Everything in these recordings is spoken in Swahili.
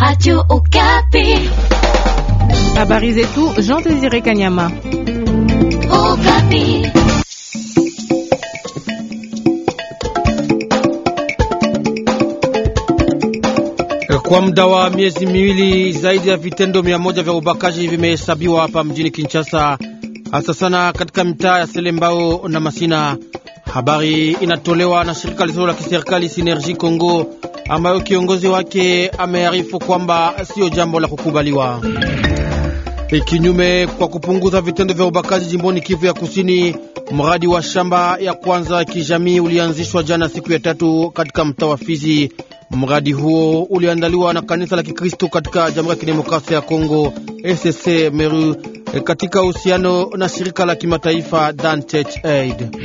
Radio Okapi. Habari zetu Jean Désiré Kanyama. Okapi. Kwa muda wa miezi miwili zaidi ya vitendo mia moja vya ubakaji vimehesabiwa hapa mjini Kinshasa, hasa sana katika mitaa ya Selembao na Masina. Habari inatolewa na shirika lisilo la kiserikali Synergie Congo ambayo kiongozi wake amearifu kwamba siyo jambo la kukubaliwa. Kinyume kwa kupunguza vitendo vya ubakaji jimboni Kivu ya Kusini, mradi wa shamba ya kwanza ya kijamii ulianzishwa jana siku ya tatu katika mtaa wa Fizi. Mradi huo uliandaliwa na kanisa la Kikristo katika Jamhuri ya Kidemokrasia ya Kongo SSC Meru katika uhusiano na shirika la kimataifa Dan Aid.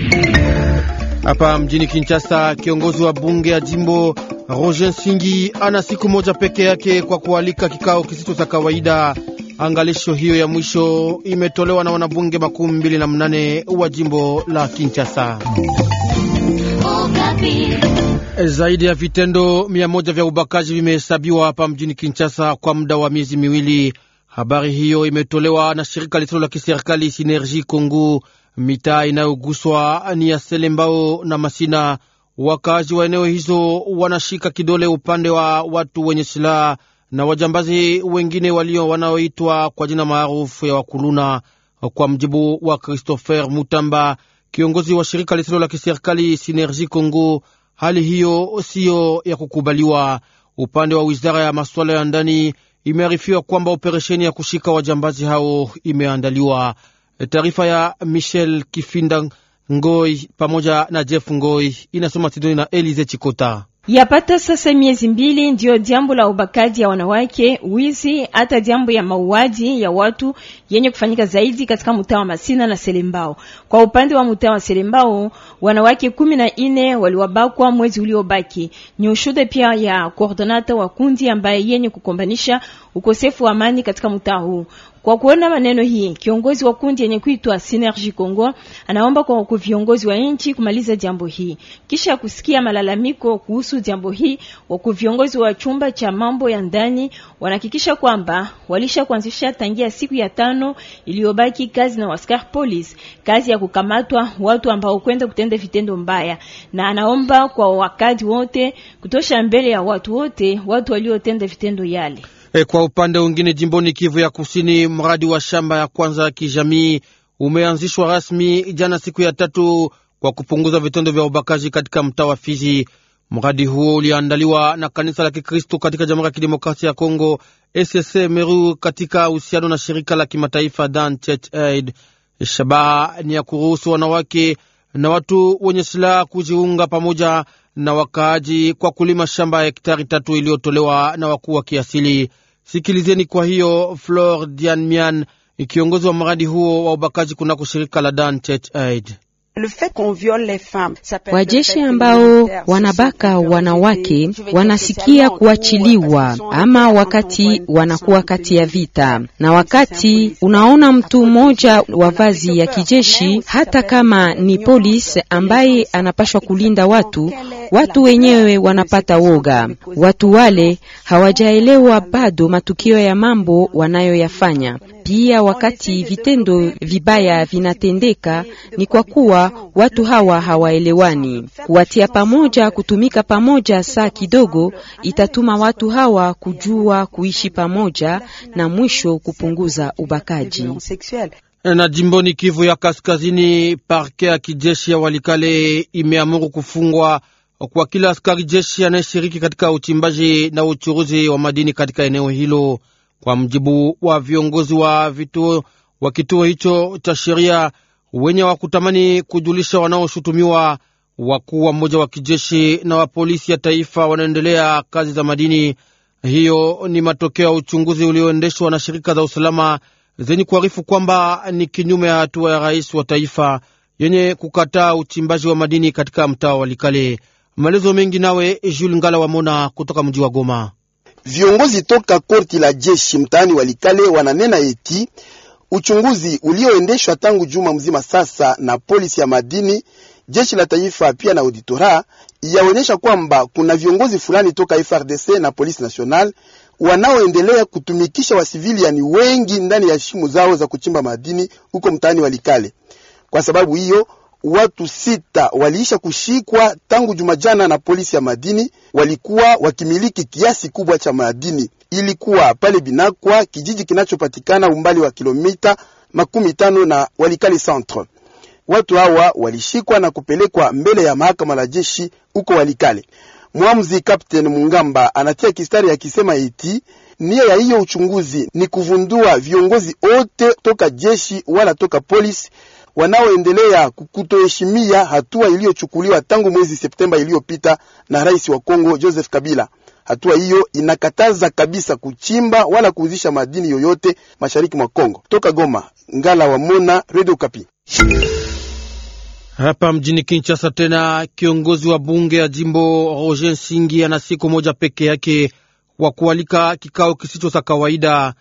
Hapa mjini Kinshasa, kiongozi wa bunge ya jimbo Roger Singi ana siku moja peke yake kwa kualika kikao kisicho cha kawaida. Angalisho hiyo ya mwisho imetolewa na wanabunge makumi mbili na mnane wa jimbo la Kinshasa. Zaidi ya vitendo mia moja vya ubakaji vimehesabiwa hapa mjini Kinshasa kwa muda wa miezi miwili. Habari hiyo imetolewa na shirika lisilo la kiserikali Sinerji kongu Mitaa inayoguswa ni ya Selembao na Masina. Wakazi wa eneo hizo wanashika kidole upande wa watu wenye silaha na wajambazi wengine walio wanaoitwa kwa jina maarufu ya wakuluna, kwa mjibu wa Christopher Mutamba, kiongozi wa shirika lisilo la kiserikali Sinergi Congo. Hali hiyo siyo ya kukubaliwa. Upande wa wizara ya masuala ya ndani imearifiwa kwamba operesheni ya kushika wajambazi hao imeandaliwa. Taarifa ya Michel Kifinda Ngoi pamoja na Jeff Ngoi inasoma Sidoni na Elize Chikota. Yapata sasa miezi mbili ndiyo jambo la ubakaji ya wanawake, wizi, hata jambo ya mauaji ya watu yenye kufanyika zaidi katika mtaa wa Masina na Selembao. Kwa upande wa mtaa wa Selembao, wanawake kumi na nne waliwabakwa mwezi uliobaki. Ni ushuhuda pia ya koordonata wa kundi ambaye yenye kukombanisha ukosefu wa amani katika mtaa huu. Kwa kuona maneno hii, kiongozi wa kundi yenye kuitwa Synergy Congo anaomba kwa viongozi wa nchi kumaliza jambo hii. Kisha kusikia malalamiko kuhusu jambo hii, wa viongozi wa chumba cha mambo ya ndani wanahakikisha kwamba walisha kuanzisha tangia siku ya tano iliyobaki kazi na waskar police, kazi ya kukamatwa watu ambao kwenda kutenda vitendo mbaya, na anaomba kwa wakati wote kutosha mbele ya watu wote watu waliotenda vitendo yale. E, kwa upande mwingine jimboni Kivu ya Kusini, mradi wa shamba ya kwanza ya kijamii umeanzishwa rasmi jana siku ya tatu kwa kupunguza vitendo vya ubakaji katika mtaa wa Fizi. Mradi huo uliandaliwa na kanisa la Kikristo katika Jamhuri ya Kidemokrasia ya Kongo SSC Meru katika uhusiano na shirika la kimataifa Dan Church Aid. Shabaha ni ya kuruhusu wanawake na watu wenye silaha kujiunga pamoja na wakaaji kwa kulima shamba ya hektari tatu iliyotolewa na wakuu wa kiasili. Sikilizeni kwa hiyo Flor Dian Mian, kiongozi wa mradi huo wa ubakaji kunako shirika la Dan Church Aid. Wajeshi ambao wanabaka wanawake wanasikia kuachiliwa ama wakati wanakuwa kati ya vita, na wakati unaona mtu mmoja wa vazi ya kijeshi, hata kama ni polisi ambaye anapashwa kulinda watu, Watu wenyewe wanapata woga, watu wale hawajaelewa bado matukio ya mambo wanayoyafanya. Pia wakati vitendo vibaya vinatendeka, ni kwa kuwa watu hawa hawaelewani. Kuwatia pamoja, kutumika pamoja saa kidogo, itatuma watu hawa kujua kuishi pamoja na mwisho kupunguza ubakaji na jimboni Kivu ya Kaskazini, parke ya kijeshi ya Walikale imeamuru kufungwa kwa kila askari jeshi anayeshiriki katika uchimbaji na uchuruzi wa madini katika eneo hilo, kwa mjibu wa viongozi wa vituo wa kituo hicho cha sheria wenye wakutamani kujulisha wanaoshutumiwa. Wakuu wa mmoja wa kijeshi na wa polisi ya taifa wanaendelea kazi za madini. Hiyo ni matokeo ya uchunguzi ulioendeshwa na shirika za usalama zenye kuarifu kwamba ni kinyume ya hatua ya rais wa taifa yenye kukataa uchimbaji wa madini katika mtaa wa Likale. Malezo mengi nawe Jules Ngala Wamona kutoka mji wa Goma. Viongozi toka korti la jeshi mtaani Walikale wananena eti uchunguzi ulioendeshwa tangu juma mzima sasa na polisi ya madini, jeshi la taifa pia na auditora yaonyesha kwamba kuna viongozi fulani toka FRDC na polisi national wanaoendelea kutumikisha wasiviliani wengi ndani ya shimu zao za kuchimba madini huko mtaani Walikale. Kwa sababu hiyo watu sita waliisha kushikwa tangu Jumajana na polisi ya madini. Walikuwa wakimiliki kiasi kubwa cha madini. Ilikuwa pale Binakwa, kijiji kinachopatikana umbali wa kilomita makumi tano na Walikali centre. Watu hawa walishikwa na kupelekwa mbele ya mahakama la jeshi huko Walikali. Mwamuzi Kapteni Mungamba anatia kistari akisema eti nia ya hiyo uchunguzi ni kuvundua viongozi wote toka jeshi wala toka polisi wanaoendelea kutoheshimia hatua iliyochukuliwa tangu mwezi Septemba iliyopita na rais wa Kongo Joseph Kabila. Hatua hiyo inakataza kabisa kuchimba wala kuuzisha madini yoyote mashariki mwa Kongo. Toka Goma, Ngala wa Mona, Radio Kapi. Hapa mjini Kinshasa tena, kiongozi wa bunge ya jimbo Roger Nsingi ana siku moja peke yake wa kualika kikao kisicho cha kawaida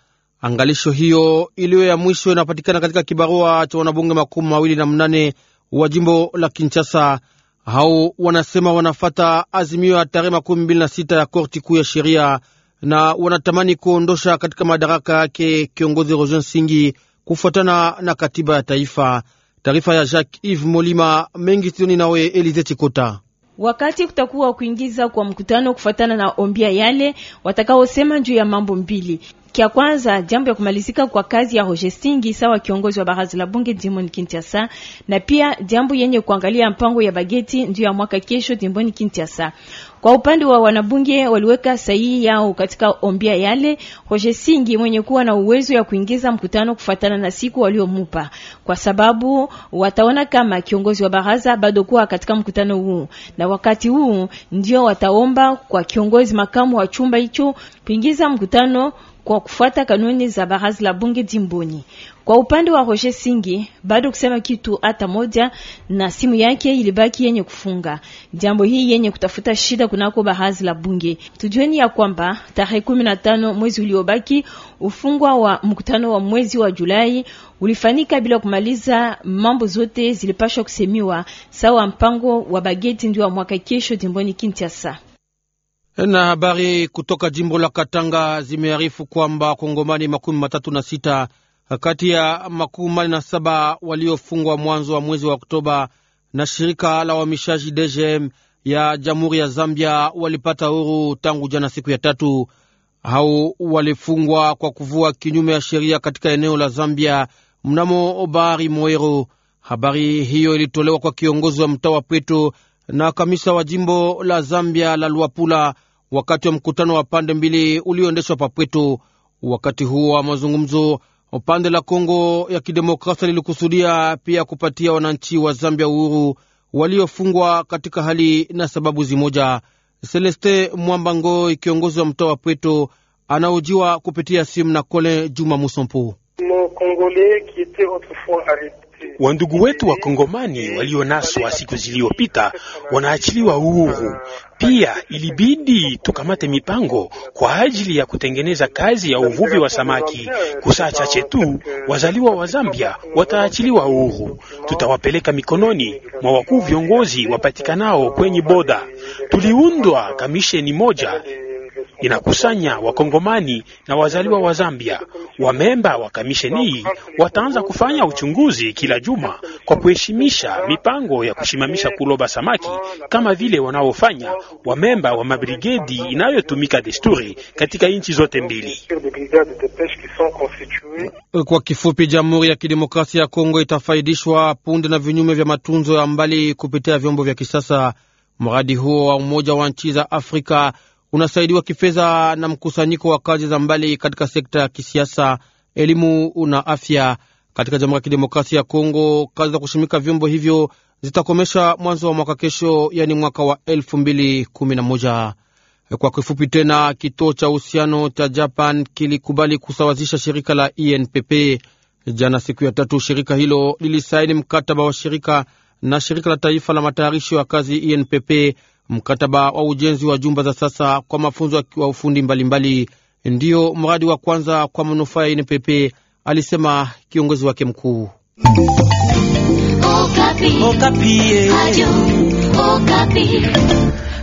Angalisho hiyo iliyo ya mwisho inapatikana katika kibarua cha wanabunge makumi mawili na mnane wa jimbo la Kinshasa. Hao wanasema wanafata azimio ya tarehe makumi mbili na sita ya korti kuu ya sheria na wanatamani kuondosha katika madaraka yake kiongozi Roger singi kufuatana na katiba ya taifa. Taarifa ya Jacques Yves Molima mengi sioni nawe Elize Chikota. Wakati kutakuwa kuingiza kwa mkutano kufuatana na ombia yale watakaosema juu ya mambo mbili Kia kwanza jambo ya kumalizika kwa kazi ya Roger Stingi sawa kiongozi wa baraza la bunge Dimon Kinshasa, na pia jambo yenye kuangalia mpango ya bageti ndio ya mwaka kesho Dimon Kinshasa. Kwa upande wa wanabunge waliweka sahihi yao katika ombia yale Roger Singi mwenye kuwa na uwezo ya kuingiza mkutano kufuatana na siku waliomupa, kwa sababu wataona kama kiongozi wa baraza bado kuwa katika mkutano huu, na wakati huu ndio wataomba kwa kiongozi makamu wa chumba hicho kuingiza mkutano kwa kufuata kanuni za baraza la bunge jimboni. Kwa upande wa Roger Singi bado kusema kitu hata moja, na simu yake ilibaki yenye kufunga. Jambo hii yenye kutafuta shida kunako baraza la bunge. Tujueni ya kwamba tarehe 15 mwezi uliobaki ufungwa wa mkutano wa mwezi wa Julai ulifanika bila kumaliza, mambo zote zilipashwa kusemiwa sawa mpango wa bageti ndio wa mwaka kesho jimboni Kinshasa. Na habari kutoka jimbo la Katanga zimearifu kwamba wakongomani makumi matatu na sita kati ya makumi mane na saba waliofungwa mwanzo wa mwezi wa Oktoba na shirika la uhamishaji DGM ya jamhuri ya Zambia walipata huru tangu jana siku ya tatu. Hao walifungwa kwa kuvua kinyume ya sheria katika eneo la Zambia mnamo bahari Moero. Habari hiyo ilitolewa kwa kiongozi wa mtaa wa Pweto na kamisa wa jimbo la Zambia la Luapula wakati wa mkutano wa pande mbili ulioendeshwa Papweto. Wakati huo wa mazungumzo, pande la Kongo ya Kidemokrasia lilikusudia pia kupatia wananchi wa Zambia uhuru waliofungwa katika hali na sababu zimoja. Celeste mwambango kiongozi wa mtaa wa Pweto, anaojiwa kupitia simu na Kole Juma musompu Wandugu wetu wa Kongomani walionaswa siku zilizopita wanaachiliwa uhuru. Pia ilibidi tukamate mipango kwa ajili ya kutengeneza kazi ya uvuvi wa samaki. Kusaa chache tu wazaliwa wa Zambia wataachiliwa uhuru, tutawapeleka mikononi mwa wakuu viongozi wapatikanao kwenye boda. Tuliundwa kamisheni moja inakusanya wakongomani na wazaliwa wa Zambia. Wamemba wa kamisheni hii wataanza kufanya uchunguzi kila juma kwa kuheshimisha mipango ya kushimamisha kuloba samaki kama vile wanaofanya wamemba wa mabrigedi inayotumika desturi katika nchi zote mbili. Kwa kifupi, Jamhuri ya Kidemokrasia ya Kongo itafaidishwa punde na vinyume vya matunzo ya mbali kupitia vyombo vya kisasa. Mradi huo wa Umoja wa Nchi za Afrika unasaidiwa kifedha na mkusanyiko wa kazi za mbali katika sekta ya kisiasa, elimu na afya. Katika Jamhuri ya Kidemokrasia ya Kongo, kazi za kushimika vyombo hivyo zitakomesha mwanzo wa mwaka kesho, yani mwaka wa elfu mbili kumi na moja. Kwa kifupi tena, kituo cha uhusiano cha Japan kilikubali kusawazisha shirika la INPP. E Jana siku ya tatu, shirika hilo lilisaini mkataba wa shirika na shirika la taifa la matayarisho ya kazi INPP e Mkataba wa ujenzi wa jumba za sasa kwa mafunzo wa ufundi mbalimbali ndiyo mradi wa kwanza kwa manufaa ya NPP, alisema kiongozi wake mkuu. Okapi. Okapi. Eh.